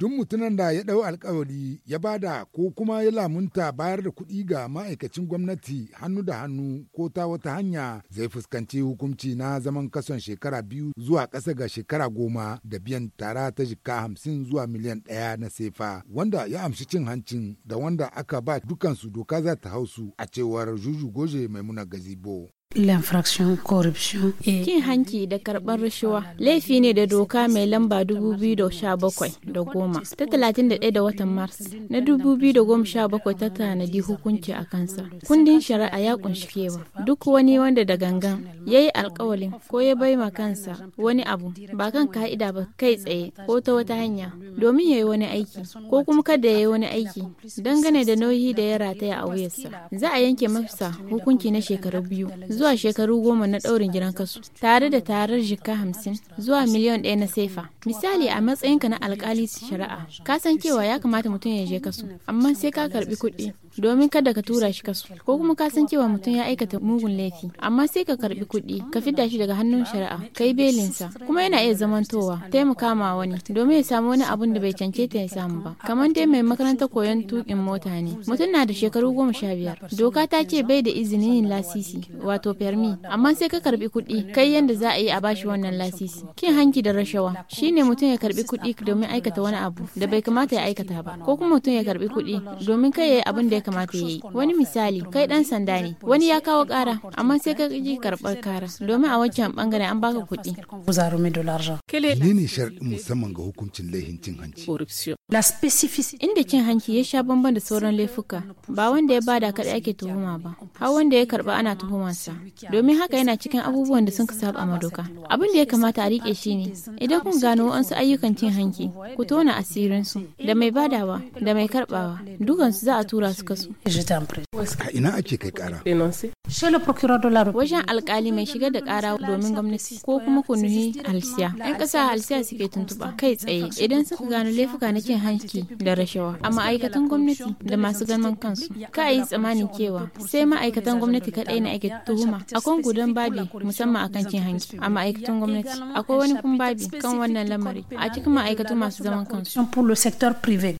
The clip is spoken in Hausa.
duk mutumin da ya ɗau alkawari ya bada ko kuma ya lamunta bayar da kuɗi ga ma'aikacin gwamnati hannu da hannu ko ta wata hanya zai fuskanci hukunci na zaman kason shekara biyu zuwa ƙasa ga shekara goma da biyan tara ta jika hamsin zuwa miliyan ɗaya na sefa wanda ya amshi cin hancin da wanda aka ba dukansu doka za ta hausu a cewar juju goje maimuna gazibo. l'infraction corruption cin hanci da karɓar rashuwa? laifi ne da doka mai lamba 2017 da goma ta 31 da watan mars na 2017 ta tanadi hukunci a kansa kundin shari'a ya kunshi kewa duk wani wanda da gangan ya yi alkawalin ko ya bai ma kansa wani abu ba kan ka'ida ba kai tsaye ko ta wata hanya domin ya yi wani aiki ko kuma kada ya yi wani aiki dangane da nauyi da ya rataya a wuyarsa za a yanke masa hukunci na shekaru biyu zuwa shekaru goma na ɗaurin gidan kasu tare da tarar jika hamsin zuwa miliyan ɗaya na sefa misali a matsayinka na alkali shari'a ka san cewa ya kamata mutum ya je kasu amma sai ka karbi kuɗi domin kada ka tura shi kasu ko kuma ka san cewa mutum ya aikata mugun laifi amma sai ka karbi kuɗi kuɗi ka fidda shi daga hannun shari'a Kai yi belinsa kuma yana iya zamantowa taimaka ma wani domin ya samu wani abun da bai cancanta ya samu ba kamar dai mai makaranta koyon tukin mota ne mutum na da shekaru goma sha biyar doka ta ce bai da izinin yin lasisi wato permi amma sai ka karbi kuɗi kai yadda za a yi a bashi wannan lasisi kin hanki da rashawa shine mutum ya karbi kuɗi domin aikata wani abu da bai kamata ya aikata ba ko kuma mutum ya karbi kuɗi domin kai ya yi abin da ya kamata ya yi wani misali kai dan sanda ne wani ya kawo kara amma sai ka ji karɓar kara domin a wancan bangare an baka kuɗi. Ne ne sharɗin musamman ga hukuncin laifin cin hanci? Inda cin hanci ya sha bamban da sauran laifuka ba wanda ya bada kaɗai ake tuhuma ba har wanda ya karba ana tuhumansa domin haka yana cikin abubuwan da sun ka saba madoka. Abin da ya kamata a rike shi ne idan kun gano wasu ayyukan cin hanci ku tona asirinsu da mai badawa da mai karɓawa dukansu za a tura su kasu. A ina ake kai ƙara? wajen alkali mai shiga da kara domin gwamnati ko kuma ku nuhi halsiya yan kasa halsiya suke tuntuba kai tsaye idan suka gano laifuka na cin hanki da rashawa a ma'aikatan gwamnati da masu ganin kansu ka yi tsamanin kewa sai ma'aikatan gwamnati kaɗai na ake tuhuma kan gudan babi musamman akan cin hanki a ma'aikatan gwamnati akwai wani kun babi kan wannan lamari a cikin ma'aikatu masu zaman kansu